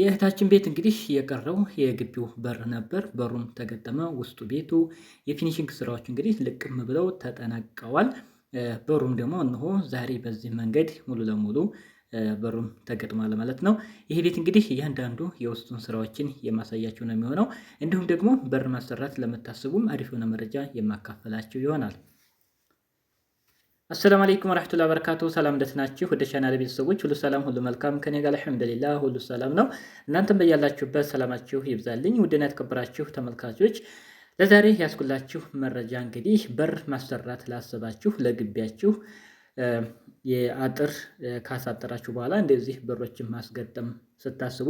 የእህታችን ቤት እንግዲህ የቀረው የግቢው በር ነበር። በሩም ተገጠመ። ውስጡ ቤቱ የፊኒሽንግ ስራዎች እንግዲህ ልቅም ብለው ተጠናቀዋል። በሩም ደግሞ እንሆ ዛሬ በዚህ መንገድ ሙሉ ለሙሉ በሩም ተገጥሟል ማለት ነው። ይሄ ቤት እንግዲህ እያንዳንዱ የውስጡን ስራዎችን የማሳያቸው ነው የሚሆነው። እንዲሁም ደግሞ በር ማሰራት ለምታስቡም አሪፍ የሆነ መረጃ የማካፈላቸው ይሆናል። አሰላሙ አለይኩም ወራህመቱላሂ ወበረካቱ። ሰላም እንደት ናችሁ? ወደ ቻናል ቤተሰቦች ሁሉ ሰላም ሁሉ መልካም ከኔ ጋር አልሐምዱሊላህ ሁሉ ሰላም ነው። እናንተም በያላችሁበት ሰላማችሁ ይብዛልኝ። ውድና የተከበራችሁ ተመልካቾች ለዛሬ ያስኩላችሁ መረጃ እንግዲህ በር ማሰራት ላሰባችሁ ለግቢያችሁ የአጥር ካሳጠራችሁ በኋላ እንደዚህ በሮችን ማስገጠም ስታስቡ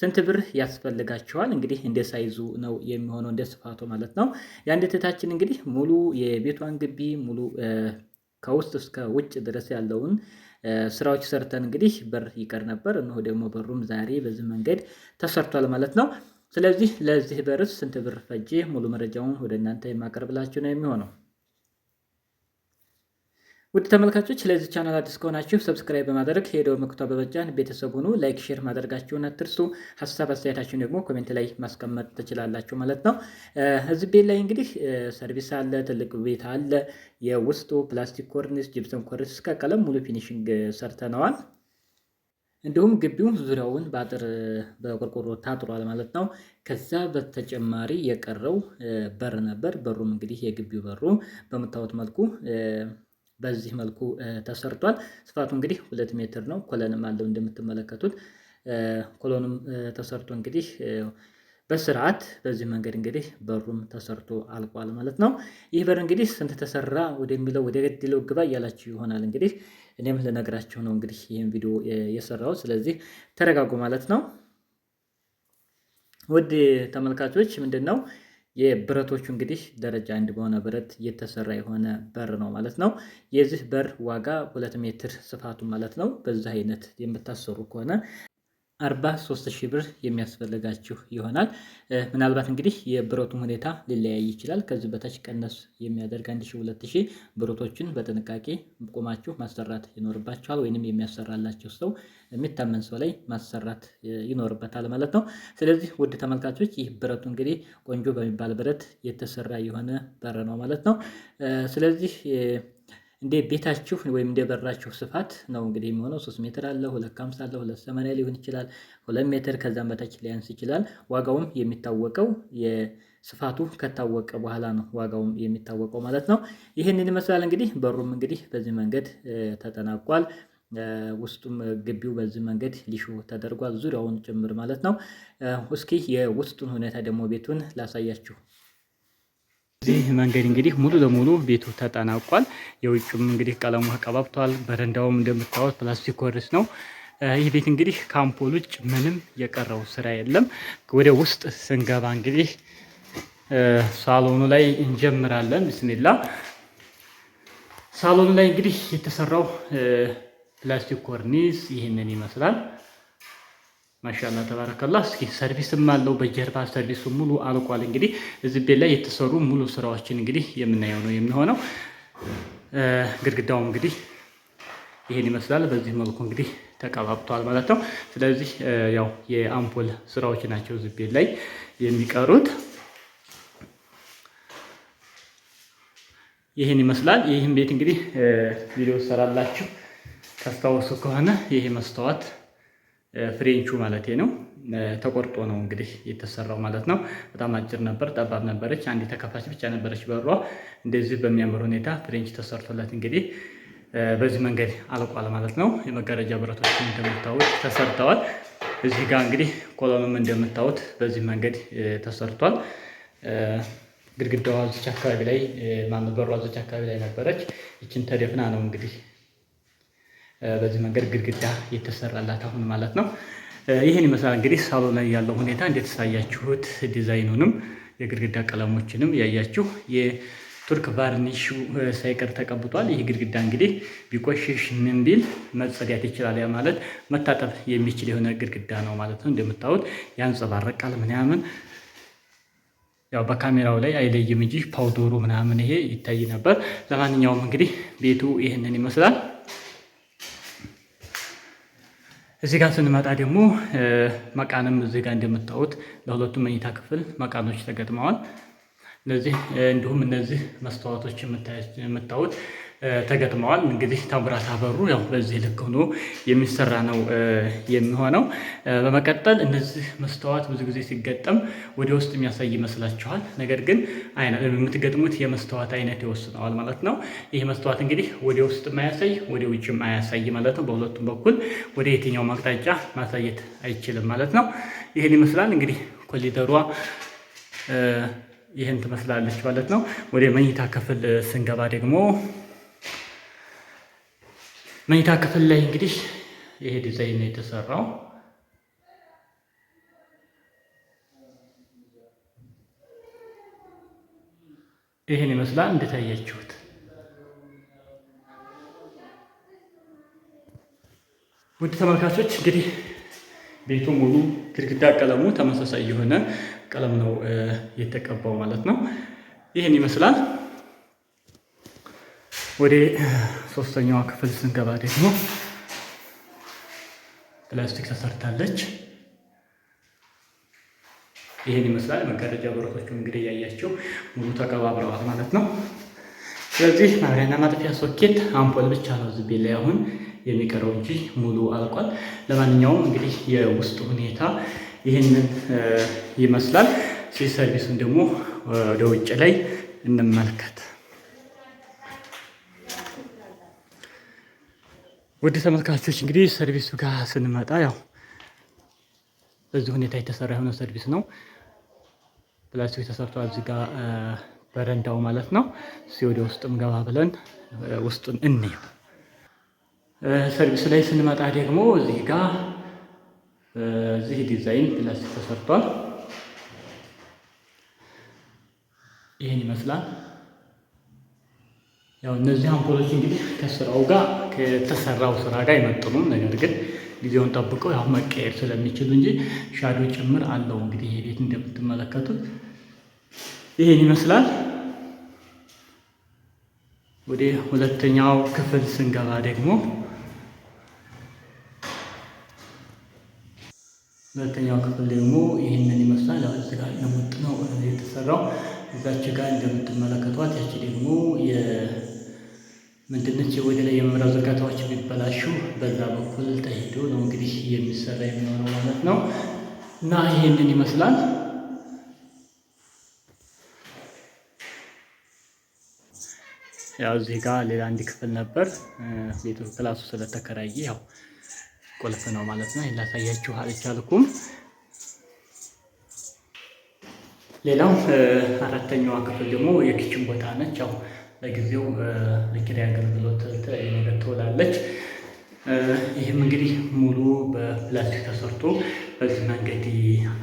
ስንት ብር ያስፈልጋችኋል? እንግዲህ እንደ ሳይዙ ነው የሚሆነው እንደ ስፋቱ ማለት ነው። የአንድ እህታችን እንግዲህ ሙሉ የቤቷን ግቢ ሙሉ ከውስጥ እስከ ውጭ ድረስ ያለውን ስራዎች ሰርተን እንግዲህ በር ይቀር ነበር። እነሆ ደግሞ በሩም ዛሬ በዚህ መንገድ ተሰርቷል ማለት ነው። ስለዚህ ለዚህ በርስ ስንት ብር ፈጄ ሙሉ መረጃውን ወደ እናንተ የማቀርብላችሁ ነው የሚሆነው ውድ ተመልካቾች ለዚህ ቻናል አዲስ ከሆናችሁ ሰብስክራይብ በማድረግ ሄደው መክቷ በመጫን ቤተሰብ ሁኑ። ላይክ፣ ሼር ማድረጋችሁን አትርሱ። ሀሳብ አስተያየታችሁን ደግሞ ኮሜንት ላይ ማስቀመጥ ትችላላችሁ ማለት ነው። እዚህ ቤት ላይ እንግዲህ ሰርቪስ አለ፣ ትልቅ ቤት አለ። የውስጡ ፕላስቲክ ኮርኒስ፣ ጅብሰን ኮርኒስ እስከ ቀለም ሙሉ ፊኒሽንግ ሰርተነዋል። እንዲሁም ግቢውን ዙሪያውን በአጥር በቆርቆሮ ታጥሯል ማለት ነው። ከዛ በተጨማሪ የቀረው በር ነበር። በሩም እንግዲህ የግቢው በሩ በምታዩት መልኩ በዚህ መልኩ ተሰርቷል። ስፋቱ እንግዲህ ሁለት ሜትር ነው። ኮለንም አለው እንደምትመለከቱት ኮሎኑም ተሰርቶ እንግዲህ በስርዓት በዚህ መንገድ እንግዲህ በሩም ተሰርቶ አልቋል ማለት ነው። ይህ በር እንግዲህ ስንት ተሰራ ወደሚለው ወደ ገድለው ግባ እያላችሁ ይሆናል እንግዲህ እኔም ልነግራችሁ ነው እንግዲህ ይህን ቪዲዮ የሰራው ስለዚህ ተረጋጉ ማለት ነው። ውድ ተመልካቾች ምንድን ነው የብረቶቹ እንግዲህ ደረጃ አንድ በሆነ ብረት የተሰራ የሆነ በር ነው ማለት ነው። የዚህ በር ዋጋ ሁለት ሜትር ስፋቱ ማለት ነው በዚህ አይነት የምታሰሩ ከሆነ 43 ሺህ ብር የሚያስፈልጋችሁ ይሆናል። ምናልባት እንግዲህ የብረቱም ሁኔታ ሊለያይ ይችላል። ከዚህ በታች ቀነስ የሚያደርግ 1200 ብረቶችን በጥንቃቄ ቁማችሁ ማሰራት ይኖርባችኋል፣ ወይንም የሚያሰራላችሁ ሰው የሚታመን ሰው ላይ ማሰራት ይኖርበታል ማለት ነው። ስለዚህ ውድ ተመልካቾች ይህ ብረቱ እንግዲህ ቆንጆ በሚባል ብረት የተሰራ የሆነ በር ነው ማለት ነው። ስለዚህ እንደ ቤታችሁ ወይም እንደ በራችሁ ስፋት ነው እንግዲህ የሚሆነው። ሶስት ሜትር አለ፣ ሁለት ከሀምሳ አለ፣ ሁለት ሰማንያ ሊሆን ይችላል፣ ሁለት ሜትር ከዛም በታች ሊያንስ ይችላል። ዋጋውም የሚታወቀው ስፋቱ ከታወቀ በኋላ ነው ዋጋውም የሚታወቀው ማለት ነው። ይህንን ይመስላል እንግዲህ በሩም እንግዲህ በዚህ መንገድ ተጠናቋል። ውስጡም ግቢው በዚህ መንገድ ሊሾ ተደርጓል ዙሪያውን ጭምር ማለት ነው። እስኪ የውስጡን ሁኔታ ደግሞ ቤቱን ላሳያችሁ። እዚህ መንገድ እንግዲህ ሙሉ ለሙሉ ቤቱ ተጠናቋል። የውጭም እንግዲህ ቀለሙ ተቀባብቷል። በረንዳውም እንደምታወት ፕላስቲክ ኮርስ ነው። ይህ ቤት እንግዲህ ከአምፖል ውጭ ምንም የቀረው ስራ የለም። ወደ ውስጥ ስንገባ እንግዲህ ሳሎኑ ላይ እንጀምራለን። ብስሚላ ሳሎኑ ላይ እንግዲህ የተሰራው ፕላስቲክ ኮርኒስ ይህንን ይመስላል። ማሻላ ተባረከላ። እስኪ ሰርቪስም አለው በጀርባ ሰርቪሱ ሙሉ አልቋል። እንግዲህ እዚህ ቤት ላይ የተሰሩ ሙሉ ስራዎችን እንግዲህ የምናየው ነው የሚሆነው። ግድግዳውም እንግዲህ ይህን ይመስላል። በዚህ መልኩ እንግዲህ ተቀባብቷል ማለት ነው። ስለዚህ ያው የአምፖል ስራዎች ናቸው እዚህ ቤት ላይ የሚቀሩት። ይህን ይመስላል። ይህም ቤት እንግዲህ ቪዲዮ ሰራላችሁ ካስታወሱ ከሆነ ይሄ መስተዋት ፍሬንቹ ማለት ነው። ተቆርጦ ነው እንግዲህ የተሰራው ማለት ነው። በጣም አጭር ነበር፣ ጠባብ ነበረች። አንድ ተከፋች ብቻ ነበረች በሯ። እንደዚህ በሚያምር ሁኔታ ፍሬንች ተሰርቶለት እንግዲህ በዚህ መንገድ አልቋል ማለት ነው። የመጋረጃ ብረቶች እንደምታዩት ተሰርተዋል። እዚህ ጋር እንግዲህ ኮሎኑም እንደምታዩት በዚህ መንገድ ተሰርቷል። ግድግዳዋ እዚች አካባቢ ላይ ማንበሯ እዚች አካባቢ ላይ ነበረች። ይችን ተደፍና ነው እንግዲህ በዚህ መንገድ ግድግዳ የተሰራላት አሁን ማለት ነው። ይህን ይመስላል እንግዲህ ሳሎን ላይ ያለው ሁኔታ እንዴት ሳያችሁት፣ ዲዛይኑንም የግድግዳ ቀለሞችንም ያያችሁ የቱርክ ቫርኒሽ ሳይቀር ተቀብጧል። ይህ ግድግዳ እንግዲህ ቢቆሽሽ ምን ቢል መጸዳት ይችላል። ያ ማለት መታጠብ የሚችል የሆነ ግድግዳ ነው ማለት ነው። እንደምታዩት ያንጸባርቃል ምናምን ያው በካሜራው ላይ አይለይም እንጂ ፓውደሩ ምናምን ይሄ ይታይ ነበር። ለማንኛውም እንግዲህ ቤቱ ይህንን ይመስላል። እዚህ ጋር ስንመጣ ደግሞ መቃንም እዚህ ጋር እንደምታዩት ለሁለቱም መኝታ ክፍል መቃኖች ተገጥመዋል። እነዚህ እንዲሁም እነዚህ መስተዋቶች የምታዩት ተገጥመዋል። እንግዲህ ታምራት አበሩ ያው በዚህ ልክ ሆኖ የሚሰራ ነው የሚሆነው። በመቀጠል እነዚህ መስተዋት ብዙ ጊዜ ሲገጠም ወደ ውስጥ የሚያሳይ ይመስላችኋል። ነገር ግን የምትገጥሙት የመስተዋት አይነት ይወስነዋል ማለት ነው። ይህ መስተዋት እንግዲህ ወደ ውስጥ ማያሳይ፣ ወደ ውጭም አያሳይ ማለት ነው። በሁለቱም በኩል ወደ የትኛው አቅጣጫ ማሳየት አይችልም ማለት ነው። ይህን ይመስላል እንግዲህ ኮሊደሯ ይህን ትመስላለች ማለት ነው። ወደ መኝታ ክፍል ስንገባ ደግሞ መኝታ ክፍል ላይ እንግዲህ ይሄ ዲዛይን ነው የተሰራው። ይህን ይመስላል። እንደታያችሁት ውድ ተመልካቾች እንግዲህ ቤቱ ሙሉ ግድግዳ ቀለሙ ተመሳሳይ የሆነ ቀለም ነው የተቀባው ማለት ነው። ይህን ይመስላል። ወደ ሶስተኛዋ ክፍል ስንገባ ደግሞ ፕላስቲክ ተሰርታለች። ይህን ይመስላል። መጋረጃ በረቶቹም እንግዲህ ያያቸው ሙሉ ተቀባብረዋል ማለት ነው። ስለዚህ ማብሪያና ማጥፊያ ሶኬት፣ አምፖል ብቻ ነው ዝቤ ላይ አሁን የሚቀረው እንጂ ሙሉ አልቋል። ለማንኛውም እንግዲህ የውስጥ ሁኔታ ይህንን ይመስላል። ሲሰርቪሱን ደግሞ ወደ ውጭ ላይ እንመልከት። ውድ ተመልካቾች እንግዲህ ሰርቪሱ ጋር ስንመጣ ያው በዚህ ሁኔታ የተሰራ የሆነ ሰርቪስ ነው። ፕላስቲክ ተሰርቷል። እዚህ ጋር በረንዳው ማለት ነው። እስኪ ወደ ውስጥም ገባ ብለን ውስጡን እንይ። ሰርቪስ ላይ ስንመጣ ደግሞ እዚህ ጋር በዚህ ዲዛይን ፕላስቲክ ተሰርቷል። ይህን ይመስላል። ያው እነዚህ አምፖሎች እንግዲህ ከስራው ጋር ከተሰራው ስራ ጋር አይመጥኑም። ነገር ግን ጊዜውን ጠብቀው ያው መቀየር ስለሚችሉ እንጂ ሻዶ ጭምር አለው። እንግዲህ ይሄ ቤት እንደምትመለከቱት ይሄን ይመስላል። ወደ ሁለተኛው ክፍል ስንገባ ደግሞ ሁለተኛው ክፍል ደግሞ ይህንን ይመስላል። ያው እዚህ ጋር ለሙጥ ነው የተሰራው። እዛች ጋር እንደምትመለከቷት ያቺ ደግሞ ምንድነች ወደ ላይ የመምሪያ ዝርጋታዎች ቢበላሹ በዛ በኩል ተሄዶ ነው እንግዲህ የሚሰራ የሚኖረው ማለት ነው። እና ይሄንን ይመስላል። ያው እዚህ ጋር ሌላ አንድ ክፍል ነበር። ቤቱ ክላሱ ስለተከራየ ያው ቁልፍ ነው ማለት ነው። ላሳያችሁ አልቻልኩም። ሌላው አራተኛዋ ክፍል ደግሞ የኪችን ቦታ ነች። ያው ለጊዜው ለኪራይ አገልግሎት ነገር ትውላለች። ይህም እንግዲህ ሙሉ በፕላስቲክ ተሰርቶ በዚህ መንገድ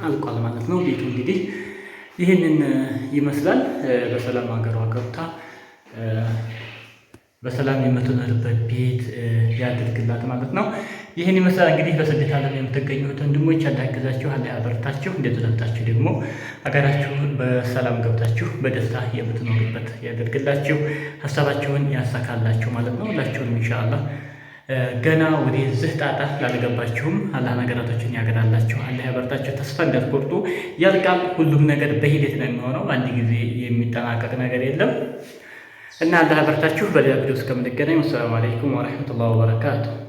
አልቋል ማለት ነው። ቤቱ እንግዲህ ይህንን ይመስላል። በሰላም ሀገሯ ገብታ በሰላም የምትኖርበት ቤት ያድርግላት ማለት ነው። ይህን ይመስላል እንግዲህ በስደት ዓለም የምትገኙት ወንድሞች አዳግዛችሁ አለ አበርታችሁ እንደተዘብታችሁ ደግሞ አገራችሁ በሰላም ገብታችሁ በደስታ የምትኖሩበት ያደርግላችሁ፣ ሀሳባችሁን ያሳካላችሁ ማለት ነው። ሁላችሁንም ኢንሻአላ ገና ወደ ወደዚህ ጣጣ ላልገባችሁም አላህ ነገራቶችን ያገራላችሁ፣ አላህ ያበርታችሁ። ተስፋ እንዳትቆርጡ። ያልቃል ሁሉም ነገር በሂደት ነው የሚሆነው። አንድ ጊዜ የሚጠናቀቅ ነገር የለም እና አላህ ያበርታችሁ። በሌላ ቪዲዮ እስከምንገናኝ ወሰላሙ አለይኩም ወረሕመቱላሂ ወበረካቱ።